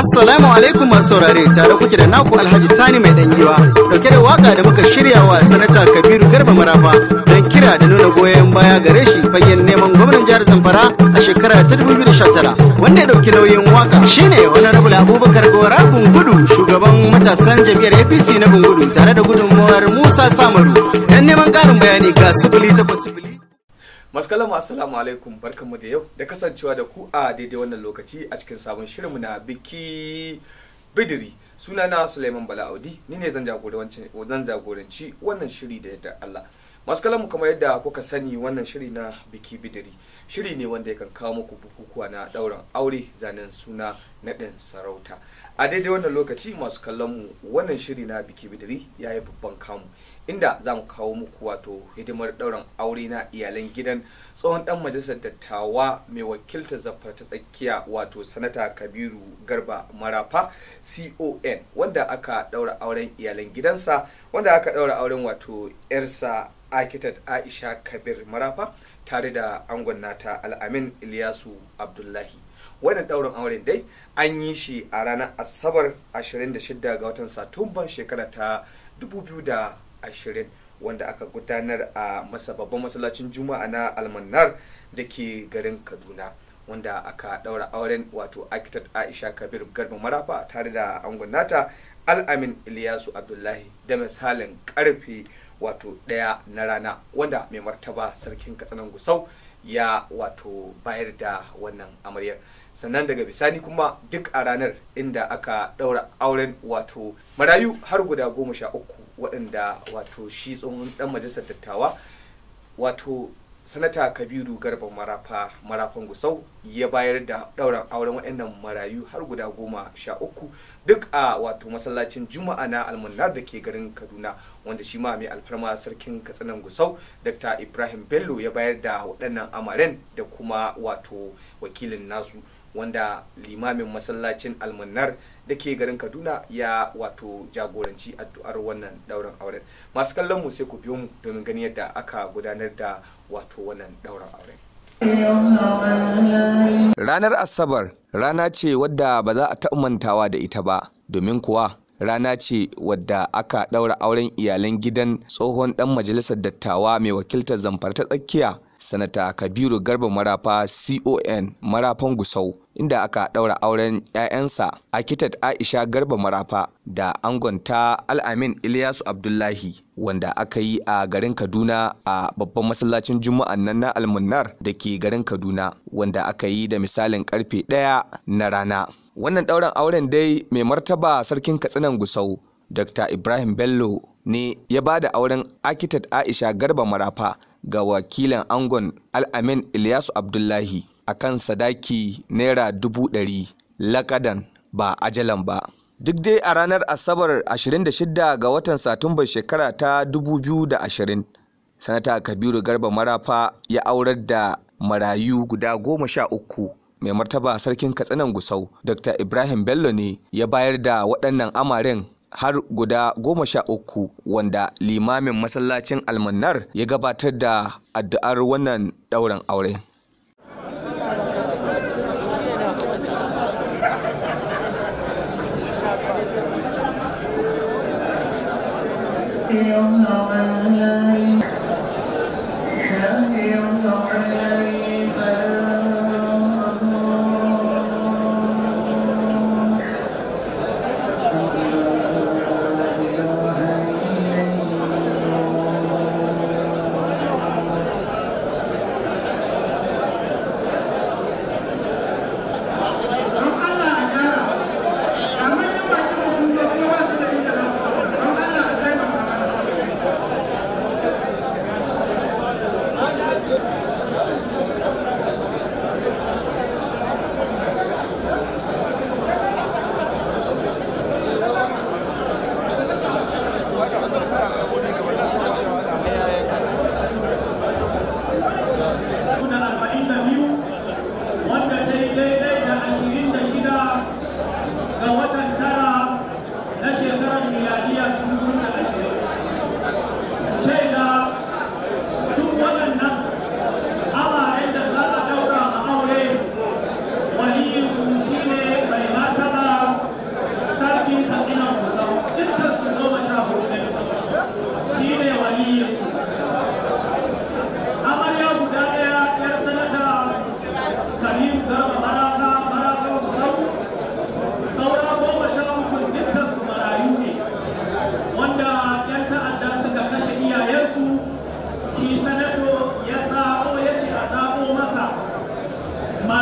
Assalamu alaikum masu saurare tare kuke da naku Alhaji Sani mai dangiwa dauke da waka da muka shirya wa sanata Kabiru Garba Marafa dan kira da nuna goyon baya gare shi fagen neman gwamnan jihar Zamfara a shekara ta 2019 wanda ya dauki nauyin waka shine Honorable Abubakar Gora Bungudu shugaban matasan jami'ar APC na Bungudu tare da gudunmawar Musa Samaru dan neman karin bayani ga sifili ta sifili Maskalama assalamu alaikum barkanmu da yau da kasancewa da ku a daidai wannan lokaci a cikin sabon shirinmu na biki bidiri suna na Suleiman Bala'audi ni ne zan jagoranci wannan shiri da yadda Allah. maskalamu kamar yadda kuka sani wannan shiri na biki bidiri shiri ne wanda yakan kawo muku bukukuwa na dauran aure zanen suna na ɗin sarauta a daidai wannan lokaci masu kallonmu wannan shiri na biki bidiri ya yi babban kamu inda za mu kawo muku wato hidimar ɗaurin aure na iyalan gidan tsohon ɗan majalisar dattawa mai Wakilta zafar ta tsakiya wato sanata kabiru garba marafa con wanda aka ɗaura auren iyalan gidansa wanda aka ɗaura auren wato 'yarsa akitat aisha kabir marafa tare da angon nata al'amin Ilyasu abdullahi wannan daurin auren dai an yi shi a ranar asabar 26 ga watan satumba shekara ta ashirin wanda aka gudanar a masa babban masallacin juma'a na almanar da ke garin kaduna wanda aka daura auren wato akitat aisha kabir garba marafa tare da angon nata al'amin iliyasu abdullahi da misalin karfe wato daya na rana wanda mai martaba sarkin katsinan gusau ya wato bayar da wannan amaryar sannan daga bisani kuma duk a ranar inda aka daura auren wato marayu har guda goma sha uku waɗanda wato shi tsohon ɗan majalisar dattawa wato sanata kabiru garba marafa marafan gusau ya bayar da ɗauran auren waɗannan marayu har guda goma sha uku duk a wato masallacin juma'a na almunnar da ke garin kaduna wanda shi ma mai alfarma sarkin katsinan gusau dr ibrahim bello ya bayar da waɗannan amaren da kuma wato wakilin nasu wanda limamin masallacin almannar. da ke garin kaduna ya wato jagoranci addu'ar wannan dauran auren masu kallon mu sai ku biyo mu domin ganin yadda aka gudanar da wato wannan dauran auren ranar asabar rana ce wadda ba za a mantawa da ita ba domin kuwa rana ce wadda aka ɗaura auren iyalan gidan tsohon ɗan majalisar dattawa mai wakiltar zamfara ta tsakiya sanata kabiru garba marafa con marafan gusau inda aka ɗaura auren 'ya'yansa akitat aisha garba marafa da angonta al'amin ilyasu abdullahi wanda aka yi a garin kaduna a babban masallacin juma'an nan na almunnar da ke garin kaduna wanda aka yi da misalin karfe ɗaya na rana wannan ɗaurin auren dai mai martaba sarkin katsinan gusau dr ibrahim bello ne ya ba da auren akitat aisha garba marafa ga wakilin angon al'amin ilyasu abdullahi a kan sadaki naira dubu ɗari lakadan ba ajalan ba duk dai a ranar asabar 26 ga watan satumbar shekara ta 2020 sanata kabiru garba marafa ya aurar da marayu guda goma sha uku mai martaba sarkin katsinan gusau dr ibrahim bello ne ya bayar da waɗannan amarin har guda goma sha uku wanda limamin masallacin almanar ya gabatar da addu'ar wannan ɗaurin aure. Yeah,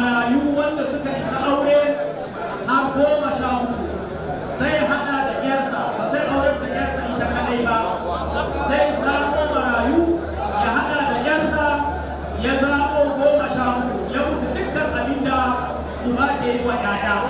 marayu wanda suka isa aure har goma sha hudu sai hada da yarsa ba sai aurar da yarsa ita kadai ba sai zaɓo marayu ya hada da yarsa ya zaɓo goma sha hudu ya musu dukkan abin da uba ke yi wa 'ya'ya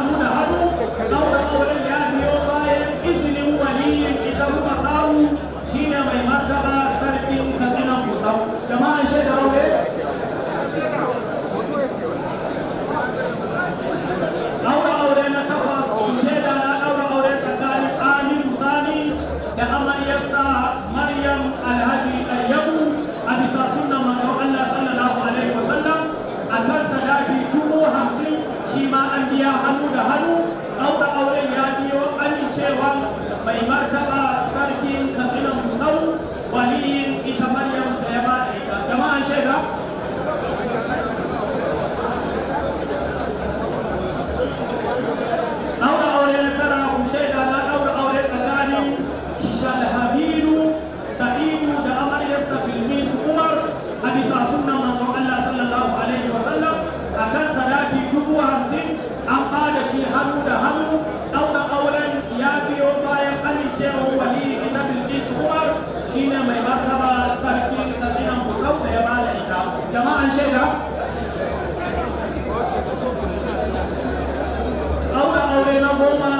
una mão na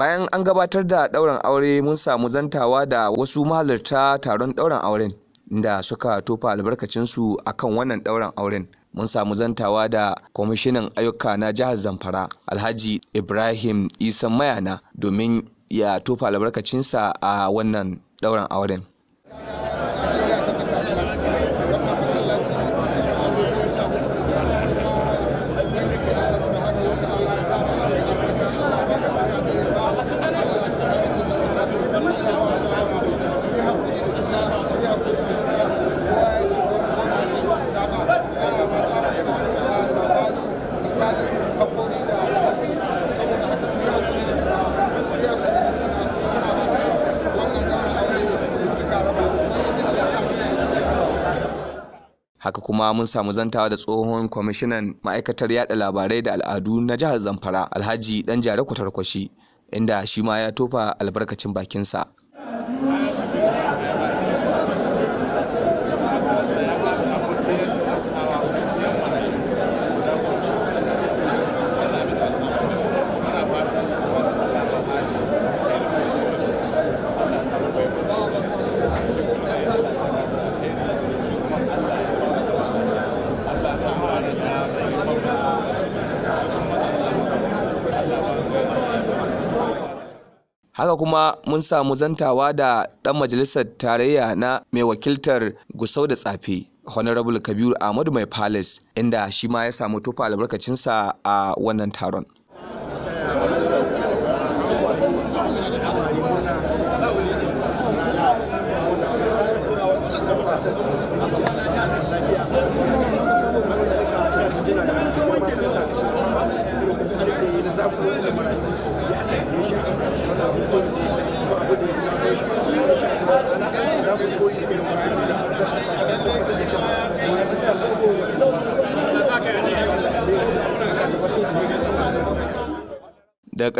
bayan an gabatar da ɗaurin aure mun samu zantawa da wasu mahalarta taron ɗaurin auren da suka tofa albarkacinsu akan wannan ɗaurin auren mun samu zantawa da kwamishinan ayyuka na jihar zamfara alhaji ibrahim isan mayana domin ya tofa albarkacinsa a wannan ɗaurin auren haka kuma mun samu zantawa da tsohon kwamishinan ma'aikatar yada labarai da al'adu na jihar zamfara alhaji dan jare kwatarkwashi inda shi ma ya tofa albarkacin bakinsa haka kuma mun samu zantawa da ɗan majalisar tarayya na mai wakiltar gusau da tsafe honorable kabiru ahmadu mai palace inda shi ma ya samu tufa albarkacinsa a wannan taron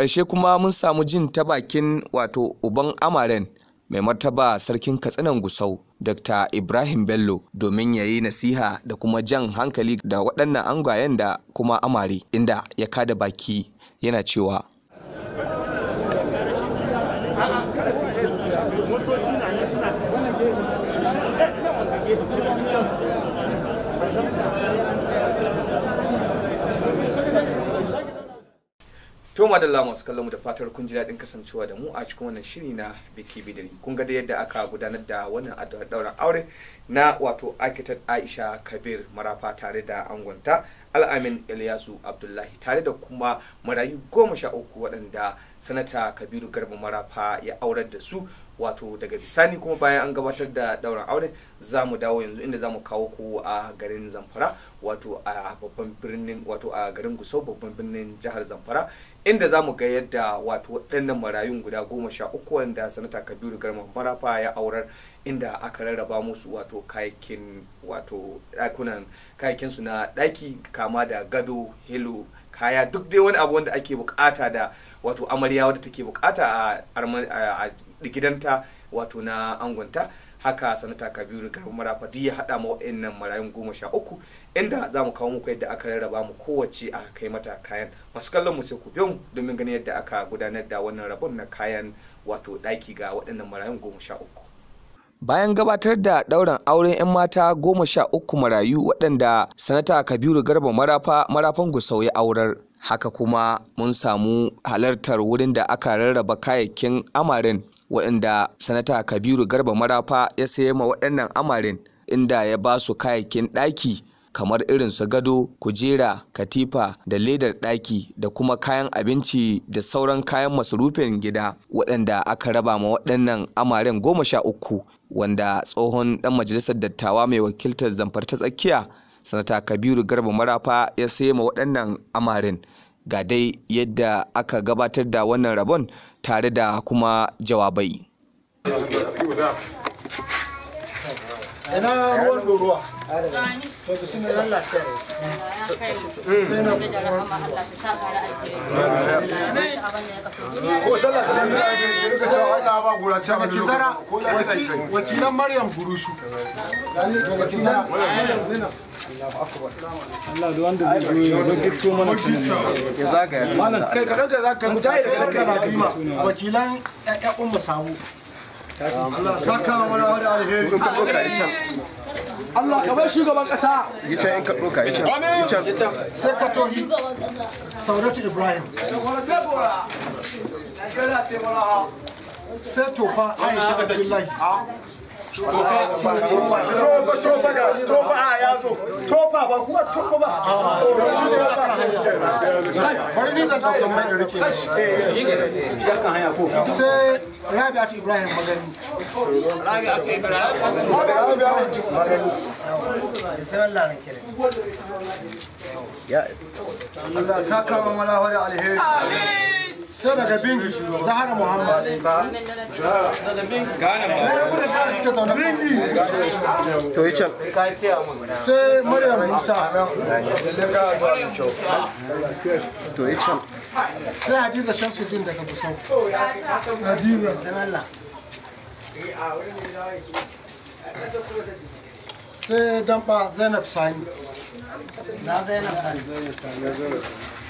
ƙarshe kuma mun samu jin ta bakin wato uban amaren mai martaba sarkin katsinan gusau dr ibrahim bello domin ya yi nasiha da kuma jan hankali da waɗannan angwayen da kuma amare inda ya kada baki yana cewa kuma da masu kallon mu da fatar kun ji daɗin kasancewa da mu a cikin wannan shiri na biki bidiri kun ga da yadda aka gudanar da wannan ɗaurin aure na wato akitar aisha kabir marafa tare da angonta al'amin ilyasu abdullahi tare da kuma marayu goma sha uku waɗanda sanata kabiru garba marafa ya aurar da su wato daga bisani kuma bayan an gabatar da ɗaurin aure za mu dawo yanzu inda za mu kawo ku a garin zamfara wato a babban birnin wato a garin gusau babban birnin jihar zamfara inda za mu ga yadda wato waɗannan marayun guda goma sha uku wanda sanata kabiru garma marafa ya aurar inda aka rarraba musu wato kayakin wato ɗakunan kayakinsu na ɗaki kama da gado hilo kaya duk dai wani abu wanda ake bukata da wato amarya wadda take bukata a gidanta wato na angonta haka sanata kabiru garma marafa duk ya haɗa ma waɗannan marayun goma sha uku inda za mu kawo muku yadda aka rarraba mu kowace aka kai mata kayan masu kallon mu sai ku biyo domin ganin yadda aka gudanar da wannan rabon na kayan wato daki ga waɗannan marayun goma sha uku. bayan gabatar da ɗaurin auren 'yan mata goma sha uku marayu waɗanda sanata kabiru garba marafa marafan gusau ya aurar haka kuma mun samu halartar wurin da aka rarraba kayayyakin amarin waɗanda sanata kabiru garba marafa ya sayi ma waɗannan amarin inda ya ba su kayayyakin ɗaki kamar irin su gado kujera katifa da ledar ɗaki da kuma kayan abinci da sauran kayan masarufin gida waɗanda aka raba ma waɗannan amaren goma sha uku wanda tsohon ɗan majalisar dattawa mai wakiltar zamfar ta tsakiya sanata kabiru garba marafa ya sayi ma waɗannan amarin ga dai yadda aka gabatar da wannan rabon tare da kuma jawabai ina ruwan doruwa to bismillah Allah ta sai na ko sallah ta lafiya ake rika cewa Allah ba gura ta ki sara wakilan Maryam Burusu to wakilan Allah da wanda zai zo ya gitto mana ya zagaya malam kai ka daga zaka mujahid ka daga na wakilan ƴaƴan ummu sabu Allah saka wani alheri Allah ka bar shugaban kasa yi can in ka yi can sai ka tohi sauratu ibrahim sai tofa aisha abdullahi tofa tofa da tofa a ya zo tofa ba kuwa tofa ba bari ni zan dauka mai rike sai rabi'atu ibrahim magani rabi'atu ibrahim magani bismillah Allah saka wa malawar alheri amin sai daga bingi zahara muhammad sai maryam musa sai hadiza shamsuddin daga busau sai damba zainab sani na zainab sani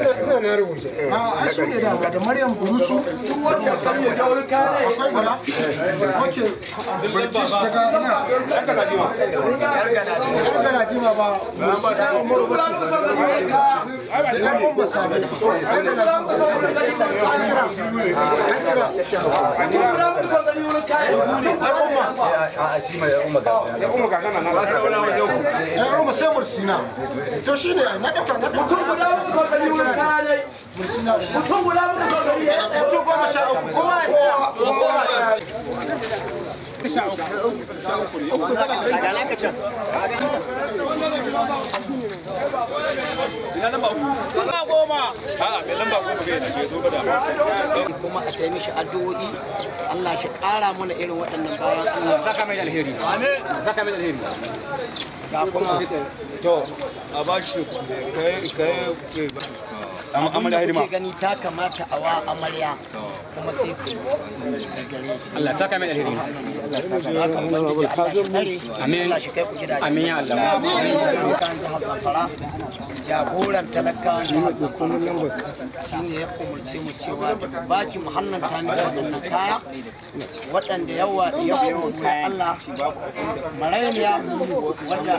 a su ne da da maryam burusu wanda da daga ba da umaru bace da yar kuma sabu yar galadima an kira na dauka na dauka kare mutum kuma a taimi shi addu'o'i Allah shi ƙara mana irin waɗannan bayan Allah zaka mai alheri zaka mai alheri ga kuma to a kai kai abin da kuke gani ta kamata a wa amarya kuma sai ku gare shi Allah saka mai alheri Allah saka mai alheri amin Allah shi kai ku amin ya Allah amin kan jagoran shine ya umurce mu cewa da baki mu wannan kaya waɗanda yawa Allah wanda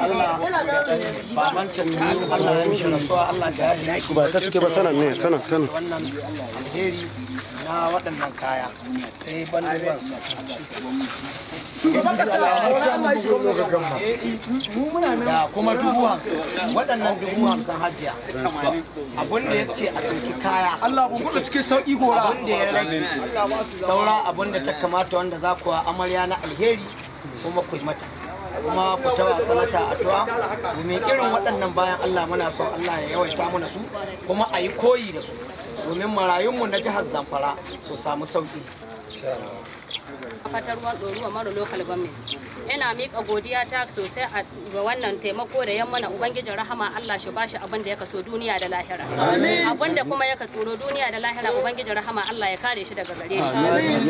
Allah Allah ya rasuwa Allah ba ta cike ba ta tana ne tana tana wannan alheri da kuma dubu waɗannan dubu hamsin hajiya abin da ce a ɗauki kaya Allah ku kuɗa ya rage saura abin da ta kamata wanda za ku amarya na alheri kuma ku mata kuma ku tawa sanata addu'a domin irin waɗannan bayan Allah muna son Allah ya yawaita mana su kuma a yi koyi da su domin marayunmu na jihar Zamfara su samu sauƙi. a fatar ruwan ɗoruwa mara local government ina miƙa godiya ta sosai ga wannan taimako da yamma na ubangijin rahama Allah shi bashi abin da ya kaso duniya da lahira abin da kuma ya ka tsoro duniya da lahira ubangijin rahama Allah ya kare shi daga gare shi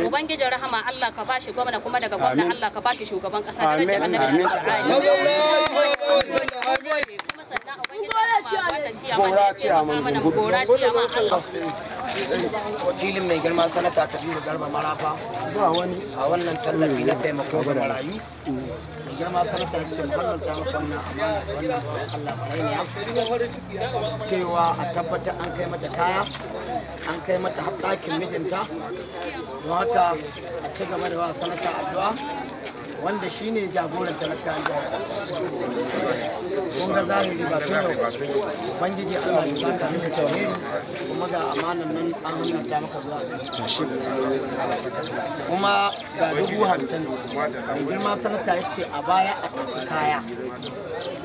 ubangijin rahama Allah ka bashi gwamna kuma daga gwamna Allah ka bashi shugaban ƙasa da annabi da Kora a wani gora Allah wakilin mai girma sanata Kabiru Garba Marafa a wannan tallafi na taimako ga marayu mai girma sanata ce wannan ta wannan amana wannan Allah cewa a tabbatar an kai mata kaya an kai mata haɗakin mijinta don haka a ci gaba da wa sanata addu'a wanda shi ne jagoran talakawan kun ga za mu ba tun yau ubangiji allah shi baka mini tauhidi kuma ga amanan nan an nuna ta maka zuwa kuma ga dubu hamsin mai girma sanata ya ce a baya a ɗauki kaya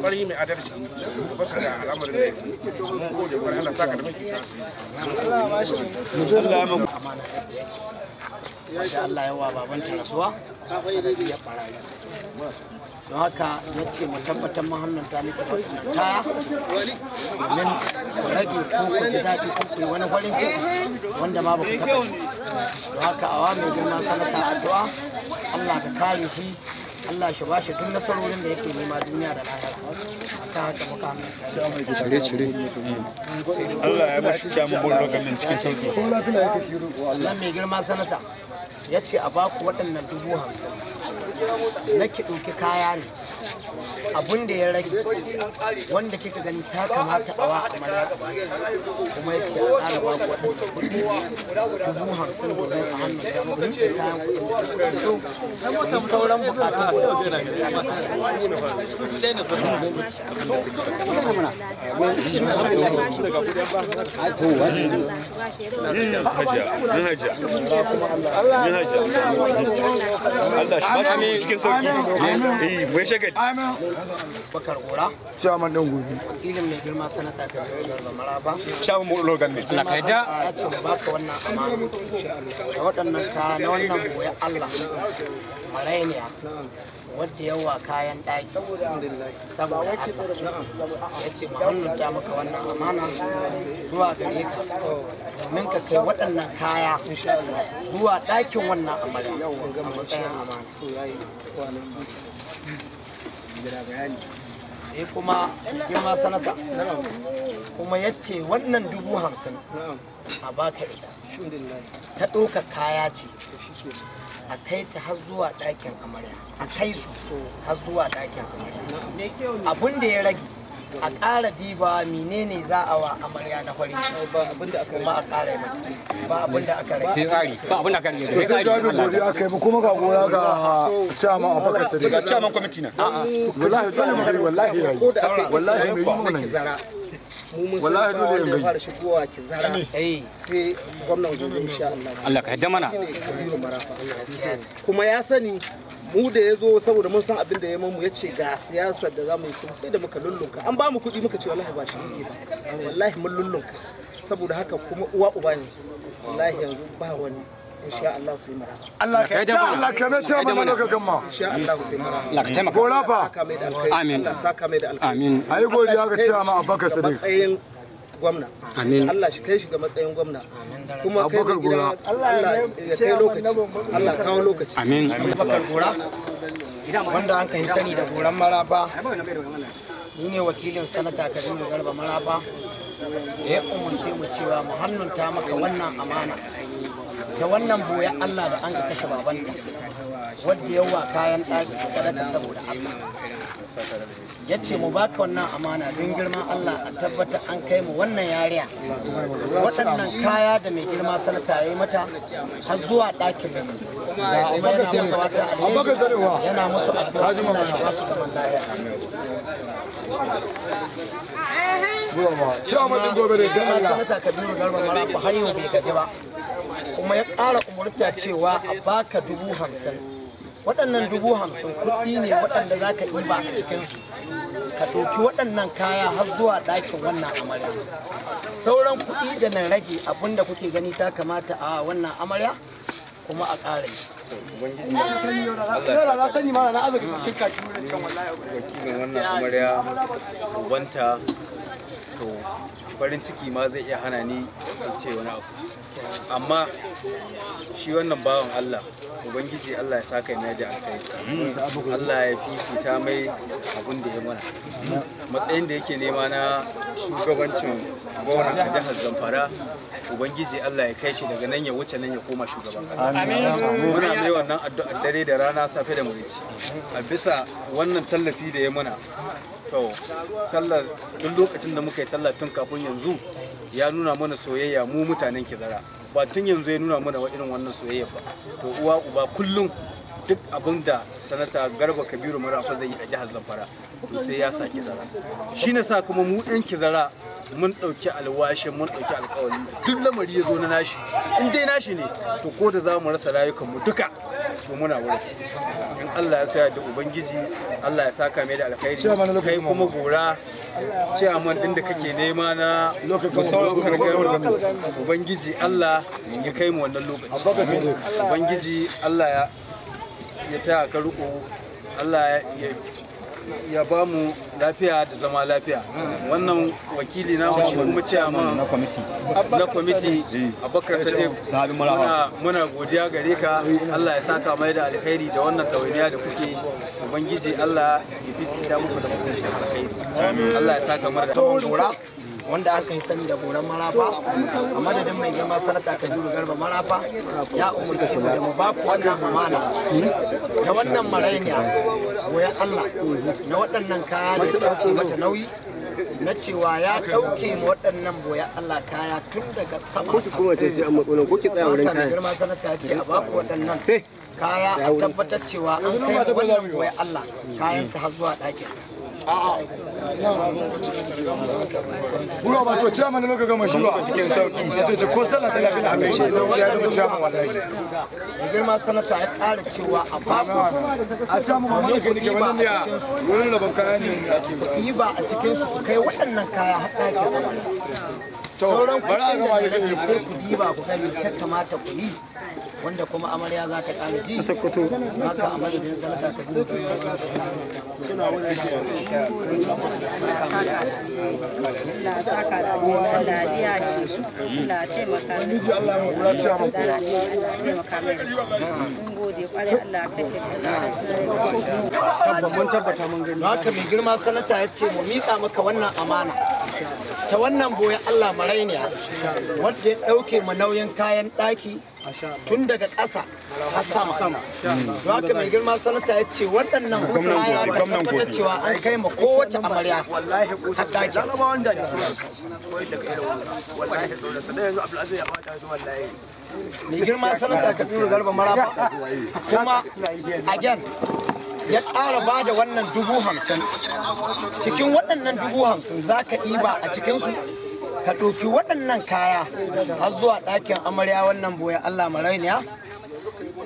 kwari mai adalci da basa da al'amarin da yake mun gode kwari Allah saka da mai kita Allah ya mu Masha Allah yawa baban tarasuwa ya fara don haka ya ce mu tabbatar mun hannunta miki da ta domin ku rage ko ku ji daɗi ko ku wani farin ciki wanda ma ba ku taɓa don haka awa mai girma sanata addu'a Allah ka kare shi Allah shi ba shi duk nasarorin da yake nema duniya da lahira ta haka muka cire cire Allah ya bashi kyamun bulogamin cikin sauki Allah mai girma sanata ya ce a baku waɗannan dubu hamsin na ki ɗauki kaya ne abun da ya rage wanda kika gani ta kamata a wa amarya kuma ya ce a ƙara ba ku waɗanda kuɗi dubu hamsin domin a hannun da mutum da kayan kuɗin da so da sauran buƙatun Allah shi cikin sauki eh mai eh, shagali bakar gora chairman din gobe wakilin mai girma sanata kan garba maraba chairman mu logan ne Allah ya ce wannan amana da ka na wannan goyen Allah marayniya wadda yawa kayan ɗaki saboda ya ce wannan ta maka wannan amana zuwa gare ka domin ka kai waɗannan kaya zuwa ɗakin wannan amarya a matsayin amana sai kuma girma sanata kuma ya ce wannan dubu hamsin a baka ita ta ɗauka kaya ce a kai ta har zuwa ɗakin amarya a kai su har zuwa ɗakin amarya abin da ya rage a ƙara diba menene za a wa amarya na farin ba abin da aka a ƙara yi mata ba abin da aka rage ba abin da aka rage to sai jabi gori aka yi kuma ga gora ga chairman of pakistan daga chairman committee na wallahi wallahi wallahi mai yi mana wallahi dole in gaji fara ki eh, Allah Allah ka yadda mana kuma ya sani mu da ya zo saboda mun san abin da ya mamu ya ce ga siyasar da za mu yi kuma sai da muka lullunka an ba mu kuɗi muka ce wallahi ba shi ne ba wallahi mun lullunka saboda haka kuma uwa uba yanzu wallahi yanzu ba wani insha Allah sai mara Allah ka da Allah ka na ta mana lokacin gamma Allah ka taimaka gola fa amin Allah saka mai da alkai amin ayi godiya ga cewa ma Abubakar Sadiq matsayin gwamna amin Allah shi kai shi ga matsayin gwamna kuma kai ga gida Allah ya kai lokaci Allah kawo lokaci amin Abubakar gora wanda an kai sani da goran maraba ni ne wakilin sanata Kabiru Garba maraba ya umarce mu cewa mu hannunta maka wannan amana da wannan boye Allah da an ka kashe babanta wadda yawa kayan ɗaki sadaka saboda Allah ya ce mu baka wannan amana don girman Allah a tabbata an kai mu wannan yariya waɗannan kaya da mai girma sanata ya yi mata har zuwa ɗakin da kuma yana musu wata alheri yana musu addu'a da shi ba su zaman lahiya Zuwa ma, a gobe da dalla. Sanata Kabiru Garba mara ba hanyar bai gaji ba. kuma ya ƙara umurta cewa a baka dubu hamsin waɗannan dubu hamsin kuɗi ne waɗanda za ka ɗiba a cikinsu ka ɗauki waɗannan kaya har zuwa ɗakin wannan amarya sauran kuɗi da na rage abin da kuke gani ta kamata a wannan amarya kuma a ƙara yi. to farin ciki ma zai iya hana ni in ce wani abu amma shi wannan bawan Allah ubangiji Allah ya saka ya ji alkai Allah ya fifita mai abin da ya mana matsayin da yake nema na shugabancin gwamnan a jihar Zamfara ubangiji Allah ya kai shi daga nan ya wuce nan ya koma shugaban kasa muna mai wannan addu'a dare da rana safe da murici a bisa wannan tallafi da ya mana to sallar duk lokacin da muka yi sallah tun kafin yanzu ya nuna mana soyayya mu mutanen kizara ba tun yanzu ya nuna mana irin wannan soyayya ba to uwa uba kullum duk abin da sanata garba kabiru fa zai yi a jihar zamfara to sai ya sa kizara shi na sa kuma mu yan kizara mun ɗauki alwashin mun ɗauki alkawarin duk lamari ya zo na nashi in dai nashi ne to ko da za mu rasa rayukanmu duka to muna wurin Allah ya soya da ubangiji Allah ya saka mai da alkhairi kai kuma gora ciyaman din da kake nema na lokacin ubangiji Allah ya kai mu wannan lokaci ubangiji Allah ya taya ka riko Allah ya ya ba mu lafiya da zama lafiya wannan wakili na kuma ce a na kwamiti a bakar eh, muna muna godiya gare ka Allah ya saka mai da alkhairi da wannan tawaniya da kuke ubangiji Allah ya fifita muku da mutunci alkhairi Allah ya saka mara da wanda aka yi sani da goran marafa a madadin mai girma sanata duru garba marafa ya umarci mu da mu ba ku wannan amana da wannan marainiya goyon allah na waɗannan kaya da ɗauke mata nauyi na cewa ya ɗauke waɗannan boya Allah kaya tun daga sama ko ce sai an matsalon ko ki tsaya wurin kaya girma sanata ce a baku waɗannan eh. kaya a tabbatar cewa an kai wannan boya Allah kayan ta har zuwa ɗakin Bura ba to ciyaman da lokacin gama shi ba. Cikin sauki. Na ce ko sallah ta lafiya a gaishe da wasu ya zama ciyaman wallahi. Yanzu sanata ya cewa a babu a ma kaya a cikin su waɗannan kaya haɗa ke sauran kuɗin da zai sai ku diba ku ta kamata ku yi wanda kuma amarya za ta ji haka a madadin sadaka ta suna wani saka da shi taimaka ni ji Allah mu kula ta mu kula mun gode kware Allah mun tabbata mun gani haka mai girma sanata ya ce mu mika maka wannan amana ta wannan boye Allah ma rainiya wadda ya ɗauke mu nauyin kayan ɗaki tun daga ƙasa har sama don haka mai girma sanata ya ce waɗannan musaya da tabbatar cewa an kai ma kowace amarya har ɗaki mai girma sanata kabiru garba marafa kuma again ya ƙara ba da wannan dubu hamsin cikin waɗannan dubu hamsin za ka ɗiba a cikinsu ka ɗauki waɗannan kaya har zuwa ɗakin amarya wannan boye Allah marainiya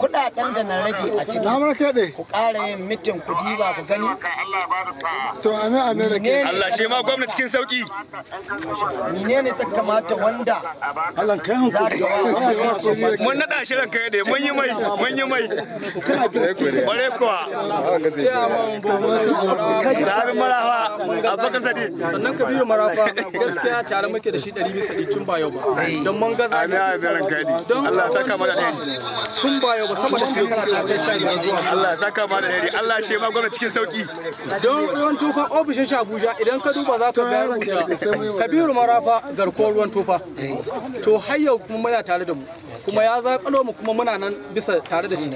kudaden da na rage a ciki. Na mara kaɗe. Ku ƙara yin mitin ku diba ku gani. To a nan rage. Allah shi ma gwamna cikin sauki. Mene ne ta kamata wanda. Allah kai hankali. Mun naɗa shi ran kai kaɗe mun yi mai mun yi mai. Kware kuwa. sabin marafa abokan Sadi. Sannan ka biyo marafa gaskiya tare muke da shi ɗari bisa ɗari tun ba yau ba. Don mun gaza. Amin a Allah ya saka mana ɗaya. Tun ba yau abu sama da shekara ta kai sha biyar zuwa Allah saka ma da dare Allah shi ma gwamnati cikin sauki don ruwan tufa ofishin shi Abuja idan ka duba za ka ga rubuta Kabiru Marafa garko ruwan tufa eh. to har kuma muna tare da mu kuma ya zaƙalo mu kuma muna nan bisa tare da shi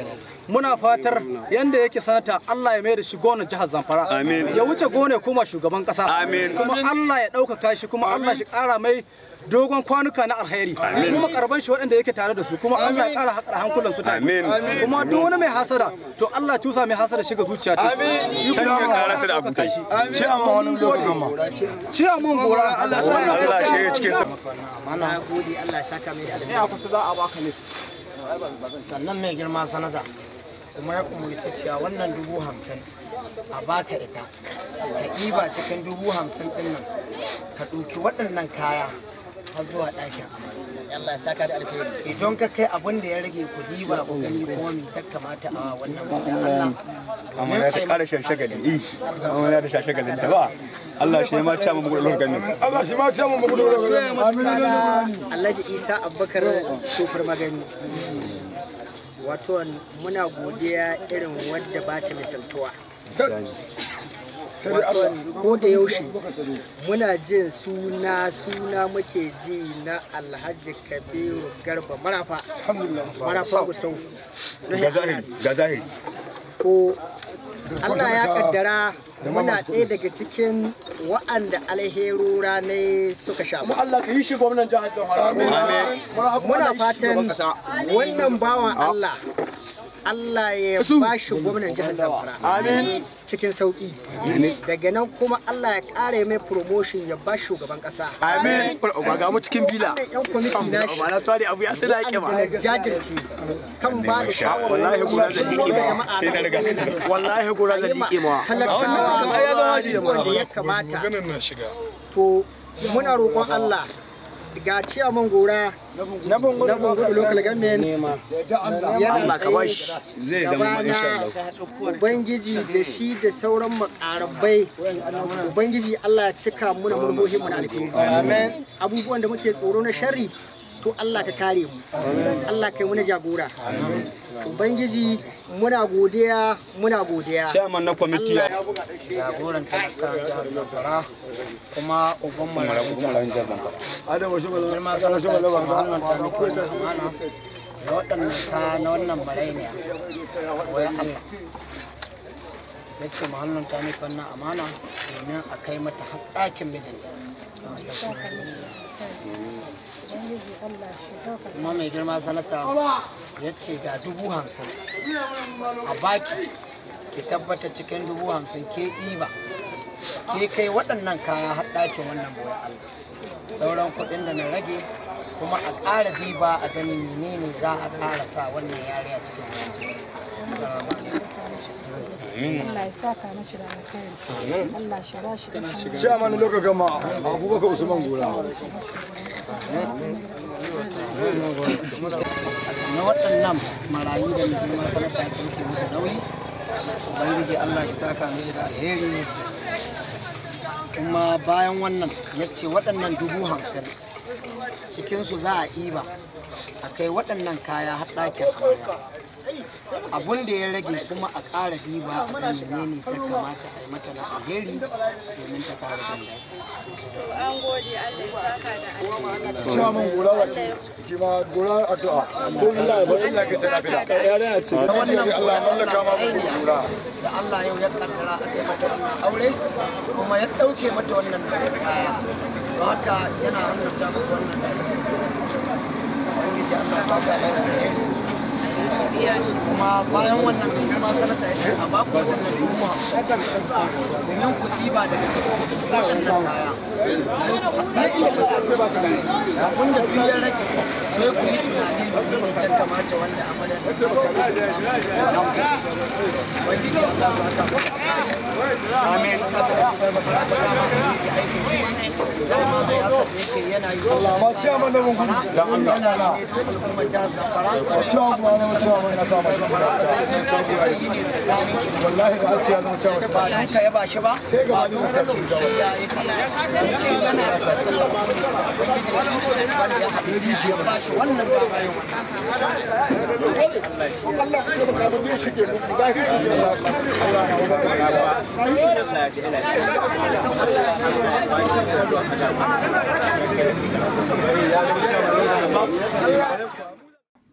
muna fatar yanda yake sanata Allah ya mai da shi gona jihar Zamfara ya wuce gone kuma shugaban kasa kuma Allah ya dauka shi kuma Allah shi kara mai dogon kwanuka na alheri kuma karban shi waɗanda yake tare da su kuma Allah ya ƙara haƙar hankulan su ta kuma duk wani mai hasada to Allah tusa mai hasada shiga zuciya ta shi kuma ya ƙara su da shi ci amma wani lokacin amma ci amma gora Allah ya shiga cikin sa mana gode Allah ya saka mai da alheri ku su za a baka ne sannan mai girma sanada kuma ya umarci cewa wannan dubu hamsin a baka ita ka ɗiba cikin dubu hamsin ɗin nan ka ɗauki waɗannan kaya har zuwa ɗakin amarya Allah ya saka da alkhairi idan ka kai abin da ya rage ku diba ku gani ko me ta kamata a wannan Allah amarya ta ƙara shagali eh amma ya ta shagali ta ba Allah shi ma ci mun gudu gani Allah shi ma ci mun gudu ganin Allah ji Isa Abubakar shofar magani wato muna godiya irin wadda ba ta misaltuwa ko da yaushe muna jin suna suna muke ji na alhaji kabiru garba marafa marafa gusau ga zahiri ko allah ya kaddara muna ɗaya daga cikin wa'anda alherora ne suka sha mu Allah ka yi shi gwamnan jihar Zamfara muna fatan wannan bawan Allah Allah ya ba shi gwamnan jihar Zamfara. Amin. Cikin sauki. Daga nan kuma Allah ya kare mai promotion ya ba shugaban ƙasa. Amin. Ga mu cikin bila. Yan kwamiti na shi. Mana tare abu ya sai da yake ba. Jajirce. Kan ba da shawara. Wallahi gura da yi kima. Sai na riga. Wallahi gura da. yi ma. Talakawa. Ya zama da Wanda ya kamata. na shiga. To muna roƙon Allah ga ciyaman gora na bungudu local government yana tsaye gabana ubangiji da shi da sauran makarabai ubangiji allah cika muna murmuhin mu na alheri abubuwan da muke tsoro na sharri to Allah ka kare mu Allah kai muna jagora ubangiji muna godiya muna godiya chairman na committee jagoran talaka jihar Zamfara kuma uban marayu jihar Zamfara Adamu shi bazan ma sanar da wannan taimako da amana da waɗannan ka na wannan marainiya wai Allah ya ce ma hannun ta wannan amana domin a kai mata haƙƙakin mijinta kuma mai girma sanata ya ce ga dubu hamsin a baki ki tabbata cikin dubu hamsin ke ɗiba ke kai waɗannan kaya haɗa ke wannan boye allah sauran kuɗin da na rage kuma a ƙara ɗiba a ganin menene za a ƙara sa wannan yare a cikin yanci Allah ya saka da alkhairi Allah shi ba shi da shi amana gama Abubakar Usman na waɗannan marayu da mai girma sanata ke musu nauyi ubangiji Allah ya saka mishi da alheri kuma bayan wannan ya ce waɗannan dubu hamsin cikinsu za a ɗiba a kai waɗannan kaya har ɗakin abun da ya rage kuma a ƙara diba a ganin ne ta kamata a yi mata na alheri domin ta ƙara jin An gode Allah ya saka da alheri. ki ma gura addu'a. Ko Allah ya bari laka ta kabila. Ya da ya ce. Wannan Allah mallaka ma gura. Da Allah yau ya kaddara a kai mata aure kuma ya ɗauke mata wannan kaya. Don haka yana ta wannan Allah ya saka da alheri. biya shi kuma bayan wannan da kuma sanata ya ce a ba ku wannan dubu domin ku b'a daga cikin wannan kaya abin da duk ya rage sai ku yi tunani domin mutum kamata wanda amalan da kuma kamar da samu wani da Allah za ka Amin. yana yi. Allah ma ciyama da mun gudu. Da Allah. Kuma jihar Zamfara. Ciyama da mun dama ina sa mashi kuma ba wasa ba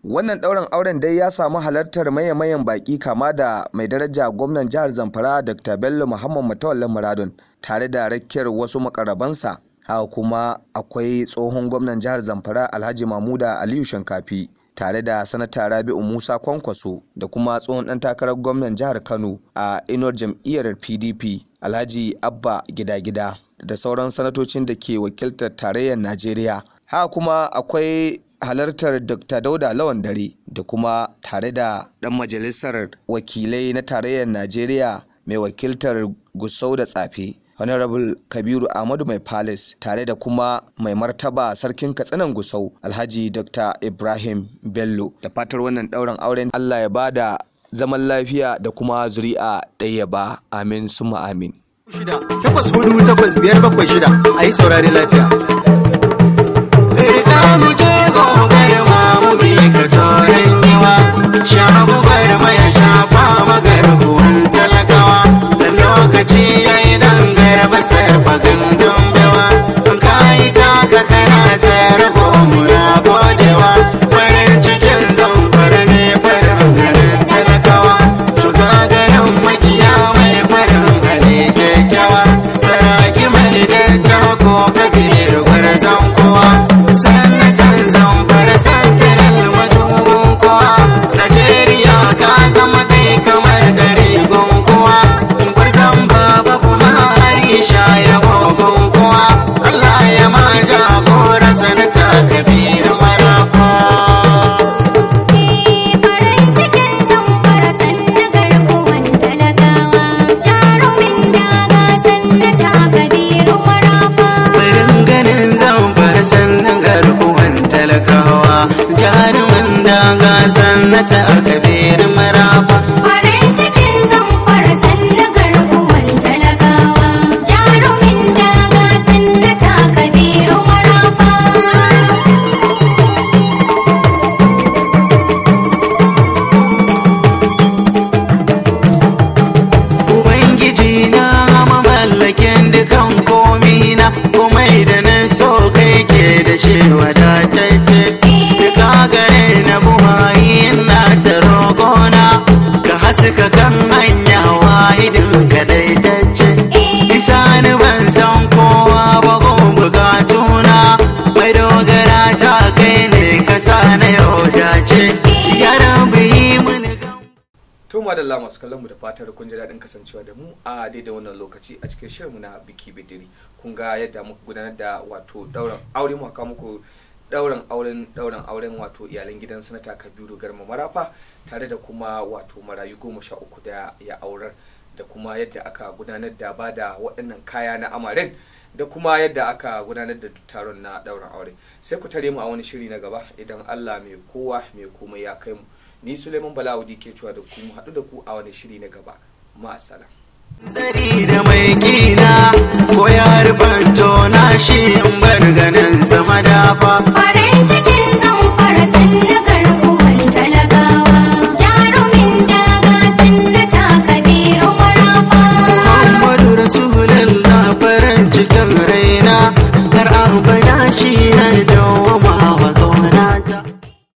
wannan ɗaurin auren dai ya samu halartar maye-mayen baƙi kama da mai daraja gwamnan jihar zamfara dr bello muhammad matawallan muradun tare da rakiyar wasu makarabansa haka kuma akwai tsohon gwamnan jihar zamfara alhaji mamuda aliyu shinkafi tare da sanata rabi'u musa kwankwaso da kuma tsohon ɗan takarar gwamnan jihar kano a inuwar jam'iyyar pdp alhaji abba gida-gida da sauran sanatocin da ke wakiltar tarayyar najeriya Ha kuma akwai halartar dr dauda lawan dare da kuma tare da dan majalisar wakilai na tarayyar najeriya mai wakiltar gusau da tsafe honorable kabiru ahmadu mai palace tare da kuma mai martaba sarkin katsinan gusau alhaji dr ibrahim bello da fatar wannan dauran auren allah ya bada zaman lafiya da kuma zuri'a ɗaya ba amin suma amin shida takwas hudu takwas biyar bakwai shida a yi saurari lafiya eh, gobe ma mu bi ka son komina komai da na madalla masu kallon mu da fatar kun ji daɗin kasancewa da mu a daidai wannan lokaci a cikin shirinmu na biki bidiri kun ga yadda muka gudanar da wato dauran aure mu kawo muku dauran auren dauran auren wato iyalan gidan sanata Kabiru Garma Marafa tare da kuma wato marayu goma sha uku da ya aurar da kuma yadda aka gudanar da ba da waɗannan kaya na amaren da kuma yadda aka gudanar da taron na dauran aure sai ku tare mu a wani shiri na gaba idan Allah mai kowa mai komai ya kai mu ni suleiman bala'udi ke cewa da ku mu haɗu da ku a wani shiri na gaba ma'asala tsari da mai gina ko ya rubanto na shi in bar ganin sama fa farin cikin